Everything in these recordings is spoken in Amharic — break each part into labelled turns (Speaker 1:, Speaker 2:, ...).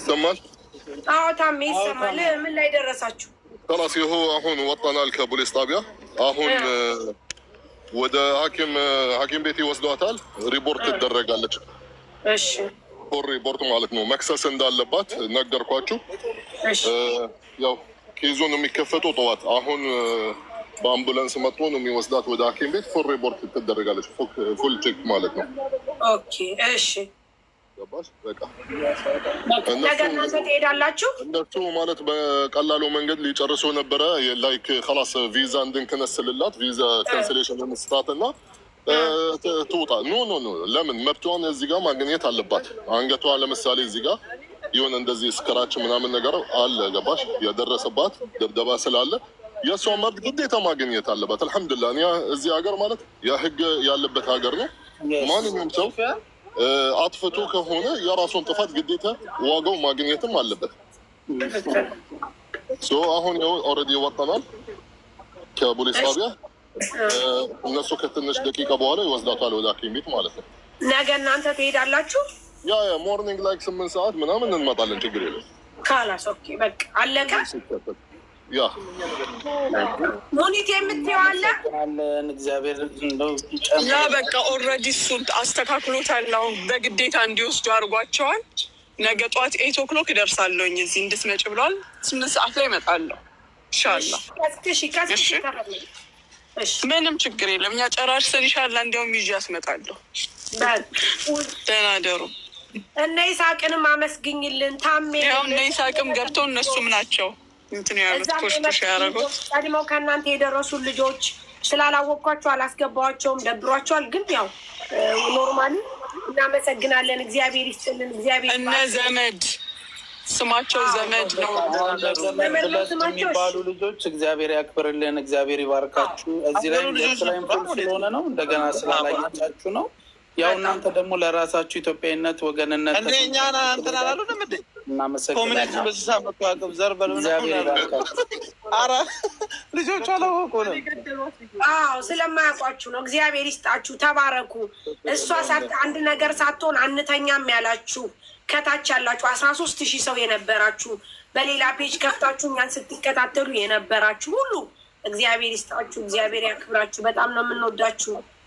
Speaker 1: ይሰማል? አዎ ታሜ ይሰማል። ምን ላይ ደረሳችሁ? ከላስ ይሁ አሁን ወጣናል ከፖሊስ ጣቢያ አሁን ወደ ሐኪም ሐኪም ቤት ይወስዷታል። ሪፖርት ትደረጋለች። እሺ ሪፖርት ማለት ነው። መክሰስ እንዳለባት ነገርኳችሁ። ያው ኬዙን የሚከፈተው ጠዋት አሁን በአምቡላንስ መጥቶ ነው የሚወስዳት ወደ ሐኪም ቤት። ፎር ሪፖርት ትደረጋለች። ፉል ቼክ ማለት ነው።
Speaker 2: ኦኬ እሺ ገባሽ? በቃ ነገ እናንተ ትሄዳላችሁ።
Speaker 1: እነሱ ማለት በቀላሉ መንገድ ሊጨርሱ ነበረ። ላይክ ከላስ ቪዛ እንድንክነስልላት ቪዛ ካንስሌሽን እንስጣት እና ትውጣ። ኖ ኖ ኖ፣ ለምን መብቷን እዚህ ጋር ማግኘት አለባት። አንገቷ ለምሳሌ እዚህ ጋር ይሁን እንደዚህ ስክራች ምናምን ነገር አለ ገባሽ? የደረሰባት ድብደባ ስላለ የእሷ መብት ግዴታ ማግኘት አለባት። አልሐምዱሊላህ እዚህ ሀገር ማለት የህግ ያለበት ሀገር ነው። ማንኛውም ሰው አጥፍቶ ከሆነ የራሱን ጥፋት ግዴታ ዋጋው ማግኘትም አለበት። አሁን ያው ኦልሬዲ ይወጠናል ከፖሊስ ጣቢያ እነሱ ከትንሽ ደቂቃ በኋላ ይወስዳቷል ወደ ሐኪም ቤት ማለት ነው።
Speaker 2: ነገ እናንተ ትሄዳላችሁ?
Speaker 1: ያ ያ ሞርኒንግ ላይ ስምንት ሰዓት ምናምን እንመጣለን። ችግር የለም።
Speaker 2: ካላስ ኦኬ፣ በቃ አለቀ። ያ ሙኒቴ አለን እግዚአብሔር
Speaker 3: ያ በቃ ኦልሬዲ እሱ አስተካክሎታል። ነው በግዴታ እንዲወስዱ አድርጓቸዋል። ነገ ጠዋት ኤት ኦክሎክ እደርሳለሁኝ እዚህ እንድትመጭ ብለዋል። ስምንት ሰዓት ላይ እመጣለሁ ይሻላ። ምንም ችግር የለም። እኛ ጨራርሰን ይሻላ። እንዲያውም ይዤ አስመጣለሁ። ደህና ደሩ።
Speaker 2: እነ ይሳቅንም አመስግኝልን። ታሜ
Speaker 3: ያው እነ ይሳቅም ገብተው እነሱም ናቸው እንትን ያሉት ኮሽቶሽ ያደረጉት
Speaker 2: ቀድመው ከእናንተ የደረሱ ልጆች ስላላወቅኳቸው አላስገባቸውም። ደብሯቸዋል። ግን ያው ኖርማል እናመሰግናለን። እግዚአብሔር ይስጥልን።
Speaker 3: እግዚአብሔር እነ ዘመድ ስማቸው ዘመድ
Speaker 4: የሚባሉ ልጆች እግዚአብሔር ያክብርልን። እግዚአብሔር ይባርካችሁ። እዚህ ላይ ላይም ስለሆነ ነው እንደገና ስላላየቻችሁ ነው ያው እናንተ ደግሞ ለራሳችሁ ኢትዮጵያዊነት ወገንነት
Speaker 3: እንደኛ እንትን ልጆቹ አላወቁ ነው።
Speaker 2: አዎ ስለማያውቋችሁ ነው። እግዚአብሔር ይስጣችሁ፣ ተባረኩ። እሷ አንድ ነገር ሳትሆን አንተኛም ያላችሁ ከታች ያላችሁ አስራ ሶስት ሺህ ሰው የነበራችሁ በሌላ ፔጅ ከፍታችሁ እኛን ስትከታተሉ የነበራችሁ ሁሉ እግዚአብሔር ይስጣችሁ፣ እግዚአብሔር ያክብራችሁ። በጣም ነው የምንወዳችሁ።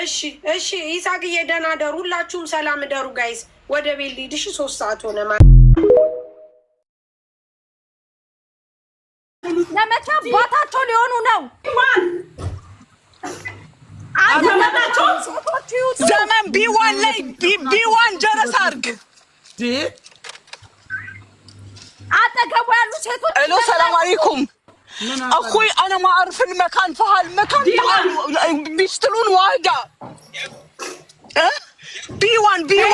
Speaker 2: እሺ እሺ፣ ይሳቅዬ ደህና ደሩ። ሁላችሁም ሰላም ደሩ። ጋይስ። ወደ ቤት ልሂድ። እሺ፣ ሶስት ሰዓት ሆነ። ማለት ለመቻ አባታቸው ሊሆኑ ነው?
Speaker 3: ዘመን ቢዋን ላይ ቢዋን ጀረስ አድርግ።
Speaker 2: አጠገቡ ያሉ ሴቶች
Speaker 3: ሄሎ፣ ሰላም አለይኩም اخوي انا ما اعرف المكان فهالمكان بيشتلون واجا إيه؟ بي 1 بي 1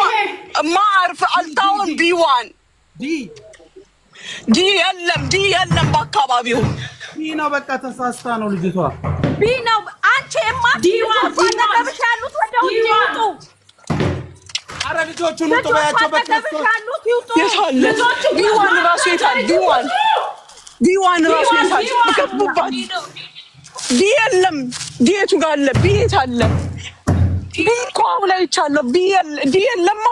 Speaker 3: إيه. ما اعرف التاون بي 1 دي دي يلم دي يلم باكابابيهم
Speaker 1: بينا بقى تساستا نو لجيتوا
Speaker 2: بينا انت اما دي 1 فانا مش هالوت ودهو جيتو
Speaker 1: አረ ልጆቹ ኑጡ
Speaker 2: በያቸው በክርስቶስ
Speaker 3: ልጆቹ ቢዋን ራሱ ይታል ቢዋን ዲዋን ራሱ ከቡባት ዲ የለም። ዲቱ ጋር አለ ቤት አለ እኮ ላይ አይቻለሁ። ዲ የለማ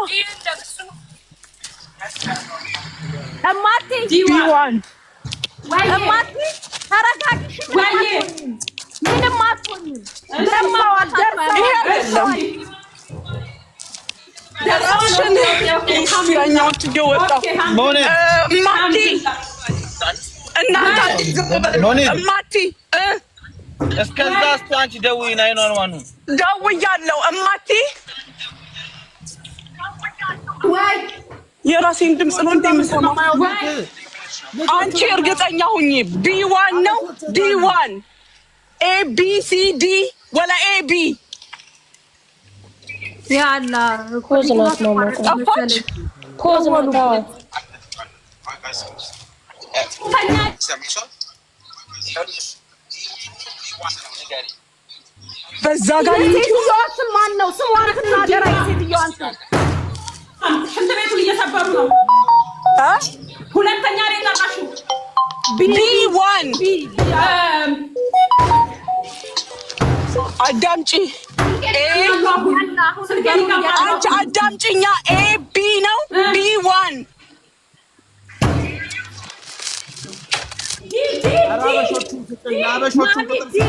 Speaker 3: ዲዋን
Speaker 2: እማቴ ተረጋጊ። ምንም አትሆኝም።
Speaker 3: ደረሰሽን ዳኛዎች እየወጣ እማቴ እናንተ እማቲ
Speaker 1: እስከዛ እስኪ አንቺ ደውዪ ናይን ዋን ዋን
Speaker 3: ደውያለሁ። እማቲ የራሴን ድምፅ ነው እንደምሰማው አንቺ እርግጠኛ ሁኚ። ቢዋን ነው ዲዋን ኤ ቢ ሲ ዲ ወላ ኤ ቢ
Speaker 2: ያላ ኮዝ ነው ማለት ነው። በዛ ጋር ሴትዮዋስም ማን ነው ስሟ? አረፍና አደራ የሴትዮዋን ቤቱን እየሰበሩ ነው። ሁለተኛ ላይ ጠራሹ
Speaker 3: ቢዋን አዳምጪ አንቺ አዳምጪኛ ኤ ቢ ነው ቢ ዋን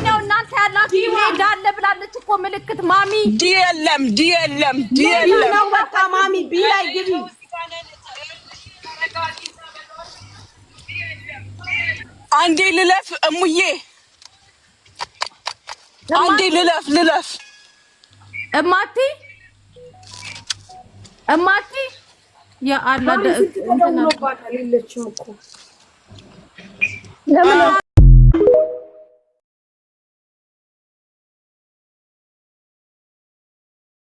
Speaker 2: ነው እናንተ ያላችሁ እንዳለ ብላለች እኮ ምልክት ማሚ
Speaker 3: ዲ የለም ዲ የለም ዲ የለም ነው
Speaker 2: በቃ ማሚ ቢ ላይ ግቢ
Speaker 3: አንዴ ልለፍ እሙዬ አንዴ ልለፍ ልለፍ
Speaker 2: እማቲ እማቲ ያ አላ ደግ 能不能？